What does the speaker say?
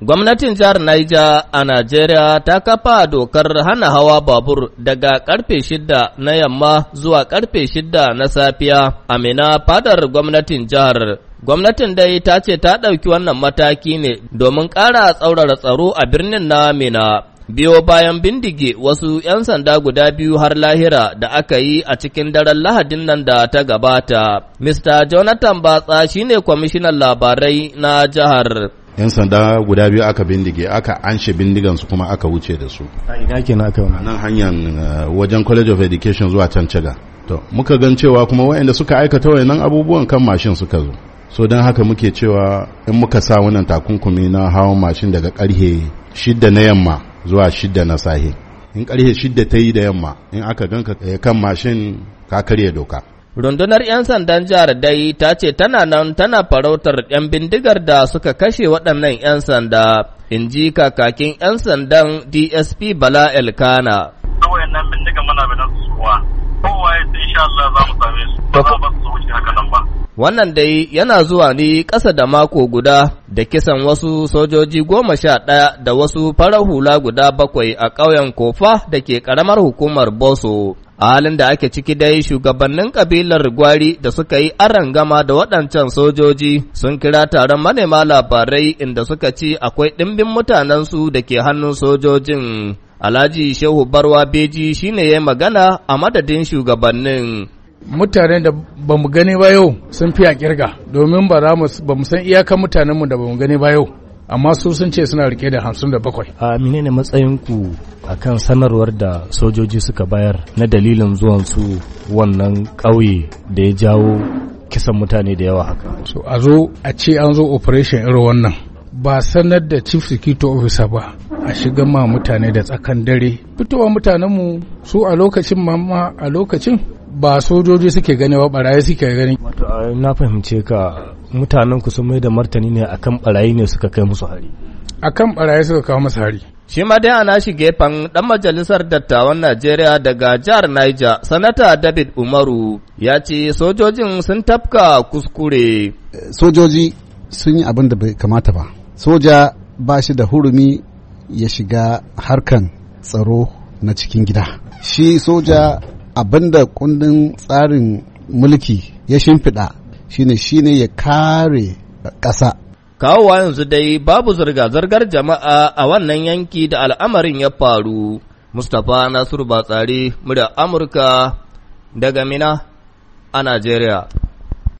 Gwamnatin jihar Niger a Najeriya ta kafa dokar hana hawa babur daga karfe shida na yamma zuwa karfe shida na safiya a Mina fadar gwamnatin jihar. Gwamnatin dai ta ce ta ɗauki wannan mataki ne domin ƙara tsaurara tsaro a birnin na Mina. Biyo bayan bindige wasu ‘yan sanda guda biyu har lahira da aka yi a cikin daren lahadin nan da ta gabata. Mr. Jonathan Batsa shine kwamishinan labarai na jihar. yan sanda guda biyu aka bindige aka anshe bindigan su kuma aka wuce da su a ina kenan aka wani nan hanyar eh, wajen college of education zuwa can caga to muka gan cewa kuma waɗanda suka aikata wayannan abubuwan kan mashin suka zo so don haka muke cewa in muka sa wannan takunkumi na hawan mashin daga karhe shidda na yamma zuwa shidda na sahe in karhe shidda ta yi da yamma in aka ganka eh, kan mashin ka karya doka Rundunar 'yan sandan jihar dai ta ce tana nan tana farautar 'yan bindigar da suka kashe waɗannan 'yan sanda, in ji kakakin 'yan sandan DSP Bala Elkana. Wannan dai yana zuwa ne ƙasa da mako guda da kisan wasu sojoji goma sha ɗaya da wasu farar hula guda bakwai a ƙauyen Kofa da ke ƙaramar hukumar Boso. a halin da ake ciki dai shugabannin kabilar gwari da suka yi gama da waɗancan sojoji sun kira taron manema labarai inda suka ci akwai ɗimbin mutanensu da ke hannun sojojin alhaji shehu barwa beji shine ya magana a madadin shugabannin mutanen da ba mu gani ba yau sun fiya kirga domin ba mu san iyakan mutanenmu da ba mu gani ba yau amma su sun ce suna rike da hamsin da bakwai. a menene matsayinku a kan sanarwar da sojoji suka bayar na dalilin zuwan su wannan ƙauye da ya jawo kisan mutane da yawa haka so a zo a ce an zo operation irin wannan ba sanar da chief security officer ba a shiga ma mutane da tsakan dare fitowa mutanenmu su a lokacin mamma a lokacin ba sojoji suke gani ba barayi suke gani na fahimce ka mutanen ku sun mai da martani ne akan barayi ne suka kai musu hari akan barayi suka kawo musu hari Shi ma dai ana shi gefen ɗan majalisar dattawan Najeriya daga jihar Niger, Sanata David Umaru ya ce sojojin sun tafka kuskure. Sojoji sun yi abin da bai kamata ba. Soja ba shi da hurumi ya shiga harkan tsaro na cikin gida. Shi soja abin da kundin tsarin mulki ya shimfiɗa shine shine ya kare ƙasa kawowa yanzu dai babu zirga-zirgar jama'a a wannan yanki da al'amarin ya faru mustapha nasiru batsari murya amurka daga mina a najeriya